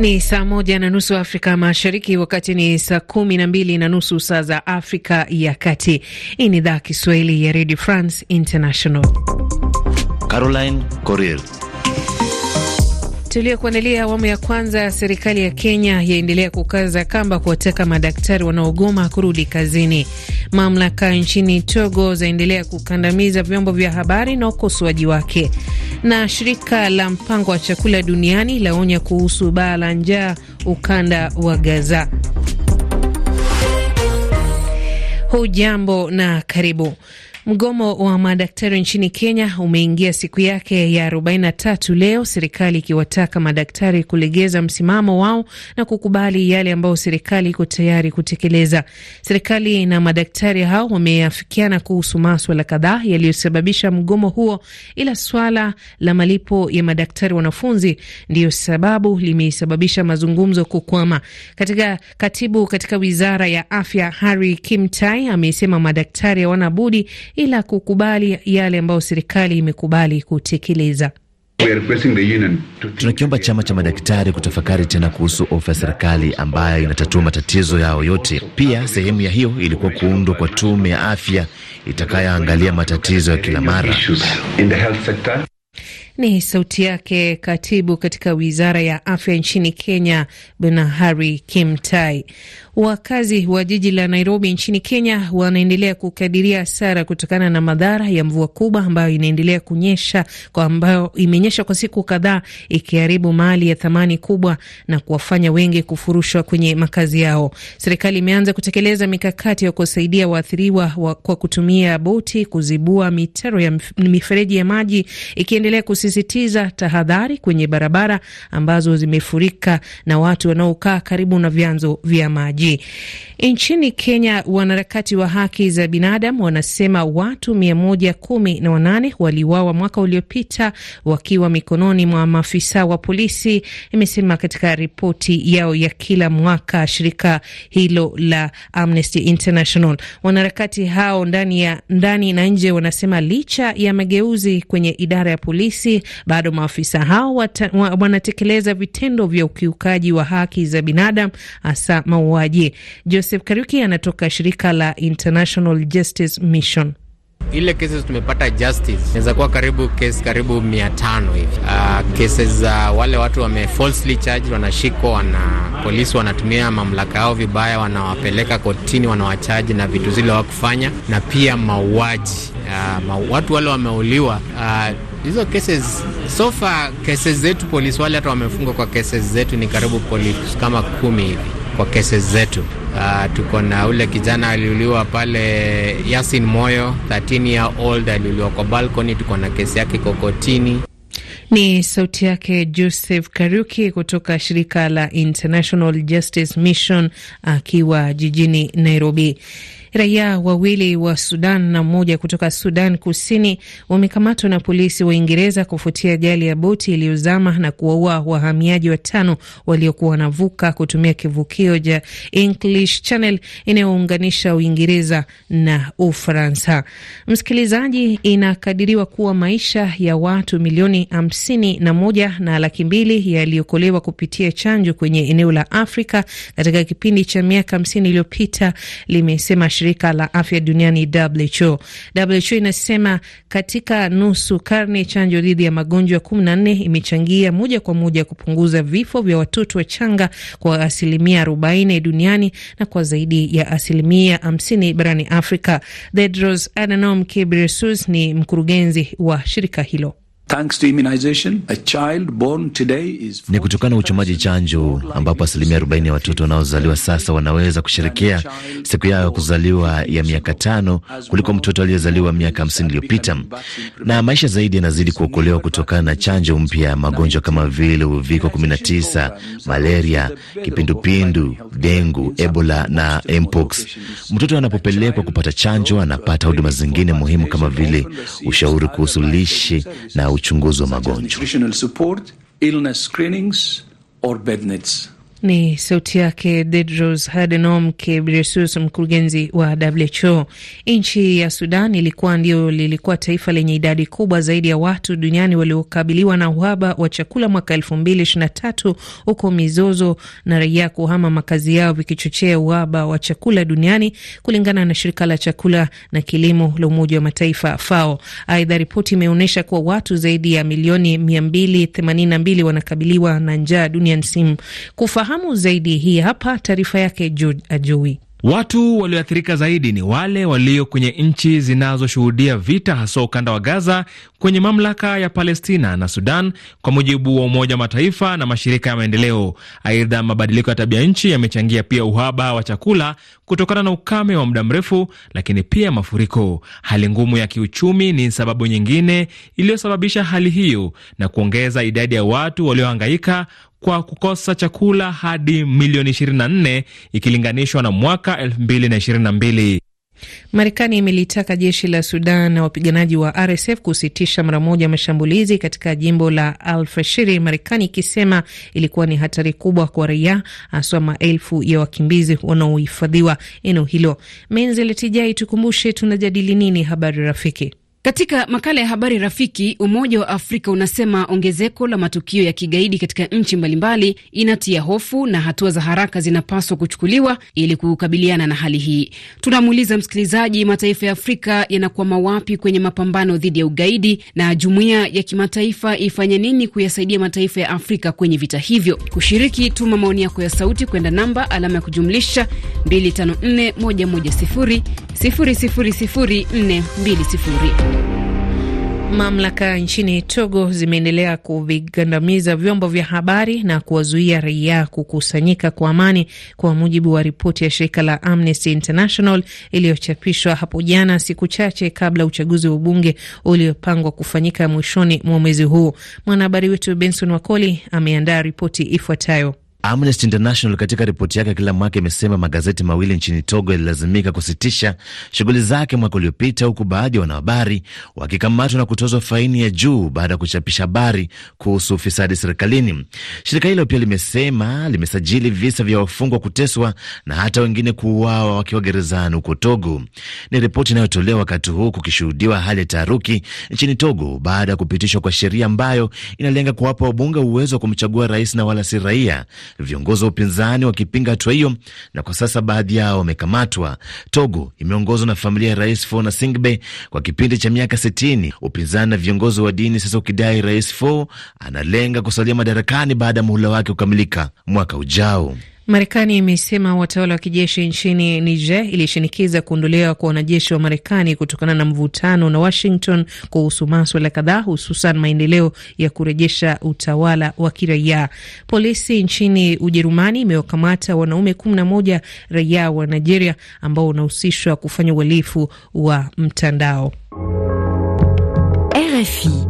Ni saa moja na nusu Afrika Mashariki, wakati ni saa kumi na mbili na nusu saa za Afrika ya Kati. Hii ni idhaa Kiswahili ya Radio France International. Caroline Corrier kuandalia awamu ya kwanza. Serikali ya Kenya yaendelea kukaza kamba kuwataka madaktari wanaogoma kurudi kazini. Mamlaka nchini Togo zaendelea kukandamiza vyombo vya habari na ukosoaji wake, na shirika la mpango wa chakula duniani laonya kuhusu baa la njaa ukanda wa Gaza. Hujambo na karibu. Mgomo wa madaktari nchini Kenya umeingia siku yake ya 43 leo, serikali ikiwataka madaktari kulegeza msimamo wao na kukubali yale ambayo serikali iko tayari kutekeleza. Serikali na madaktari hao wameafikiana kuhusu maswala kadhaa yaliyosababisha mgomo huo, ila swala la malipo ya madaktari wanafunzi ndiyo sababu limesababisha mazungumzo kukwama. Katika katibu katika wizara ya afya Harry Kimtai amesema madaktari hawana budi ila kukubali yale ambayo serikali imekubali kutekeleza. Tunakiomba chama cha madaktari kutafakari tena kuhusu ofa ya serikali ambayo inatatua matatizo yao yote. Pia sehemu ya hiyo ilikuwa kuundwa kwa tume ya afya itakayoangalia matatizo ya kila mara. Ni sauti yake katibu katika wizara ya afya nchini Kenya, Bwana Harry Kimtai. Wakazi wa jiji la Nairobi nchini Kenya wanaendelea kukadiria hasara kutokana na madhara ya mvua kubwa ambayo inaendelea kunyesha, kwa ambayo imenyesha kwa siku kadhaa, ikiharibu mali ya thamani kubwa na kuwafanya wengi kufurushwa kwenye makazi yao. Serikali imeanza kutekeleza mikakati ya kuwasaidia waathiriwa kwa kutumia boti kuzibua mitaro ya mifereji ya maji, ikiendelea kusi akisisitiza tahadhari kwenye barabara ambazo zimefurika na watu wanaokaa karibu na vyanzo vya maji. Nchini Kenya, wanaharakati wa haki za binadamu wanasema watu mia moja kumi na wanane waliuawa mwaka uliopita wakiwa mikononi mwa maafisa wa polisi, imesema katika ripoti yao ya kila mwaka shirika hilo la Amnesty International. Wanaharakati hao ndani ya ndani na nje wanasema licha ya mageuzi kwenye idara ya polisi bado maafisa hao wanatekeleza vitendo vya ukiukaji wa haki za binadamu, hasa mauaji. Joseph Kariuki anatoka shirika la International Justice Mission. Ile kesi tumepata justice inaweza kuwa karibu kesi karibu mia tano hivi. Uh, cases za uh, wale watu wame falsely charged wanashikwa, wana polisi wanatumia mamlaka yao vibaya, wanawapeleka kotini, wanawachaji na vitu zile wakufanya, na pia mauaji uh, ah, ma, watu wale wameuliwa uh, hizo cases so far, cases zetu polisi wale hata wamefungwa kwa cases zetu ni karibu polisi kama kumi hivi kwa cases zetu. Uh, tuko na ule kijana aliuliwa pale Yasin Moyo, 13 year old aliuliwa kwa balcony. Tuko na kesi yake kokotini. Ni sauti yake Joseph Kariuki kutoka shirika la International Justice Mission akiwa jijini Nairobi. Raia wawili wa Sudan na mmoja kutoka Sudan Kusini wamekamatwa na polisi wa Uingereza kufuatia ajali ya boti iliyozama na kuwaua wahamiaji watano waliokuwa wanavuka kutumia kivukio cha ja English Channel inayounganisha Uingereza na Ufaransa. Msikilizaji, inakadiriwa kuwa maisha ya watu milioni hamsini na moja na laki mbili yaliyokolewa kupitia chanjo kwenye eneo la Afrika katika kipindi cha miaka hamsini iliyopita limesema shirika la afya duniani WHO. WHO inasema katika nusu karne chanjo dhidi ya magonjwa kumi na nne imechangia moja kwa moja kupunguza vifo vya watoto wachanga kwa asilimia 40 duniani na kwa zaidi ya asilimia 50 barani Afrika. Tedros Adhanom Ghebreyesus ni mkurugenzi wa shirika hilo ni kutokana na uchomaji chanjo ambapo asilimia 40 ya watoto wanaozaliwa sasa wanaweza kusherekea siku yao ya kuzaliwa ya miaka tano kuliko mtoto aliyezaliwa miaka 50 iliyopita, na maisha zaidi yanazidi kuokolewa kutokana na chanjo mpya ya magonjwa kama vile uviko 19, malaria, kipindupindu, dengu, ebola na mpox. Mtoto anapopelekwa kupata chanjo anapata huduma zingine muhimu kama vile ushauri kuhusu lishe na uchunguzi wa magonjwa. Ni sauti yake Tedros Adhanom Ghebreyesus, mkurugenzi wa WHO. Nchi ya Sudan ilikuwa ndio lilikuwa taifa lenye idadi kubwa zaidi ya watu duniani waliokabiliwa na uhaba wa chakula mwaka elfu mbili na tatu huko mizozo na raia kuhama makazi yao vikichochea uhaba wa chakula duniani, kulingana na shirika la chakula na kilimo la Umoja wa Mataifa FAO. Aidha, ripoti imeonyesha kuwa watu zaidi ya milioni mia mbili themanini na mbili wanakabiliwa na njaa duniani. Kufahamu Kufahamu zaidi, hii hapa taarifa yake Ajui. Watu walioathirika zaidi ni wale walio kwenye nchi zinazoshuhudia vita, haswa ukanda wa Gaza, kwenye mamlaka ya Palestina na Sudan, kwa mujibu wa Umoja wa Mataifa na mashirika ya maendeleo. Aidha, mabadiliko ya tabia nchi yamechangia pia uhaba wa chakula kutokana na ukame wa muda mrefu, lakini pia mafuriko. Hali ngumu ya kiuchumi ni sababu nyingine iliyosababisha hali hiyo na kuongeza idadi ya watu waliohangaika kwa kukosa chakula hadi milioni 24 ikilinganishwa na mwaka 2022. Marekani imelitaka jeshi la Sudan na wapiganaji wa RSF kusitisha mara moja mashambulizi katika jimbo la Al Fashiri, Marekani ikisema ilikuwa ni hatari kubwa kwa raia, haswa maelfu ya wakimbizi wanaohifadhiwa eneo hilo. Menzeletijai, tukumbushe tunajadili nini? Habari rafiki katika makala ya habari rafiki, Umoja wa Afrika unasema ongezeko la matukio ya kigaidi katika nchi mbalimbali inatia hofu na hatua za haraka zinapaswa kuchukuliwa ili kukabiliana na hali hii. Tunamuuliza msikilizaji, mataifa ya Afrika yanakwama wapi kwenye mapambano dhidi ya ugaidi na jumuiya ya kimataifa ifanye nini kuyasaidia mataifa ya Afrika kwenye vita hivyo? Kushiriki, tuma maoni yako ya sauti kwenda namba alama ya kujumlisha 254110 Mamlaka nchini Togo zimeendelea kuvigandamiza vyombo vya habari na kuwazuia raia kukusanyika kwa amani, kwa mujibu wa ripoti ya shirika la Amnesty International iliyochapishwa hapo jana, siku chache kabla uchaguzi wa ubunge uliopangwa kufanyika mwishoni mwa mwezi huu. Mwanahabari wetu Benson Wakoli ameandaa ripoti ifuatayo. Amnesty International katika ripoti yake kila mwaka imesema magazeti mawili nchini Togo yalilazimika kusitisha shughuli zake mwaka uliopita, huku baadhi ya wanahabari wakikamatwa na kutozwa faini ya juu baada ya kuchapisha habari kuhusu ufisadi serikalini. Shirika hilo pia limesema limesajili visa vya wafungwa kuteswa na hata wengine kuuawa wakiwa gerezani huko Togo. Ni ripoti inayotolewa wakati huu kukishuhudiwa hali ya taharuki nchini Togo baada ya kupitishwa kwa sheria ambayo inalenga kuwapa wabunge uwezo wa kumchagua rais na wala si raia viongozi wa upinzani wakipinga hatua hiyo, na kwa sasa baadhi yao wamekamatwa. Togo imeongozwa na familia ya Rais Faure singbe kwa kipindi cha miaka 60 upinzani na viongozi wa dini sasa ukidai Rais Faure analenga kusalia madarakani baada ya muhula wake kukamilika mwaka ujao. Marekani imesema watawala wa kijeshi nchini Niger ilishinikiza kuondolewa kwa wanajeshi wa Marekani kutokana na mvutano na Washington kuhusu maswala kadhaa, hususan maendeleo ya kurejesha utawala wa kiraia. Polisi nchini Ujerumani imewakamata wanaume kumi na moja raia wa Nigeria ambao wanahusishwa kufanya uhalifu wa mtandao. RFI.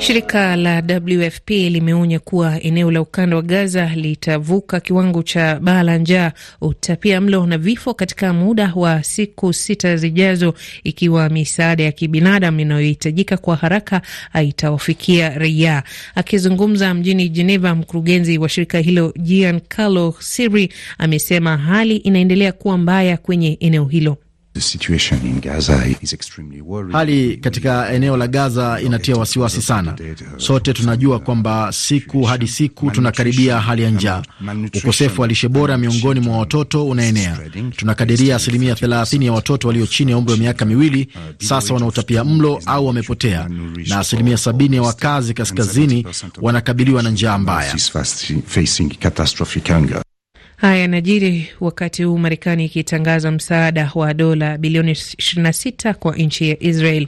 Shirika la WFP limeonya kuwa eneo la ukanda wa Gaza litavuka kiwango cha baa la njaa, utapia mlo na vifo katika muda wa siku sita zijazo, ikiwa misaada ya kibinadamu inayohitajika kwa haraka haitawafikia raia. Akizungumza mjini Geneva, mkurugenzi wa shirika hilo jian Carlo Siri amesema hali inaendelea kuwa mbaya kwenye eneo hilo. Hali katika eneo la Gaza inatia wasiwasi sana. Sote tunajua kwamba siku hadi siku tunakaribia hali ya njaa. Ukosefu wa lishe bora miongoni mwa watoto unaenea. Tunakadiria asilimia 30 ya watoto walio chini ya umri wa miaka miwili sasa wanaotapia mlo au wamepotea, na asilimia 70 ya wakazi kaskazini wanakabiliwa na njaa mbaya. Haya yanajiri wakati huu Marekani ikitangaza msaada wa dola bilioni 26 kwa nchi ya Israel.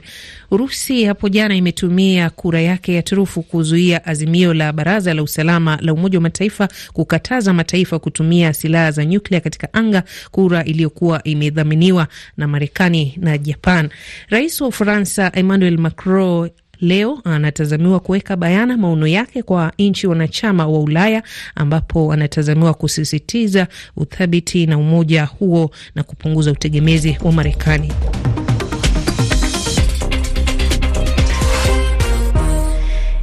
Urusi hapo jana imetumia kura yake ya turufu kuzuia azimio la Baraza la Usalama la Umoja wa Mataifa kukataza mataifa kutumia silaha za nyuklia katika anga, kura iliyokuwa imedhaminiwa na Marekani na Japan. Rais wa Ufaransa Emmanuel Macron leo anatazamiwa kuweka bayana maono yake kwa nchi wanachama wa Ulaya, ambapo anatazamiwa kusisitiza uthabiti na umoja huo na kupunguza utegemezi wa Marekani.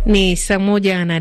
Ni saa moja na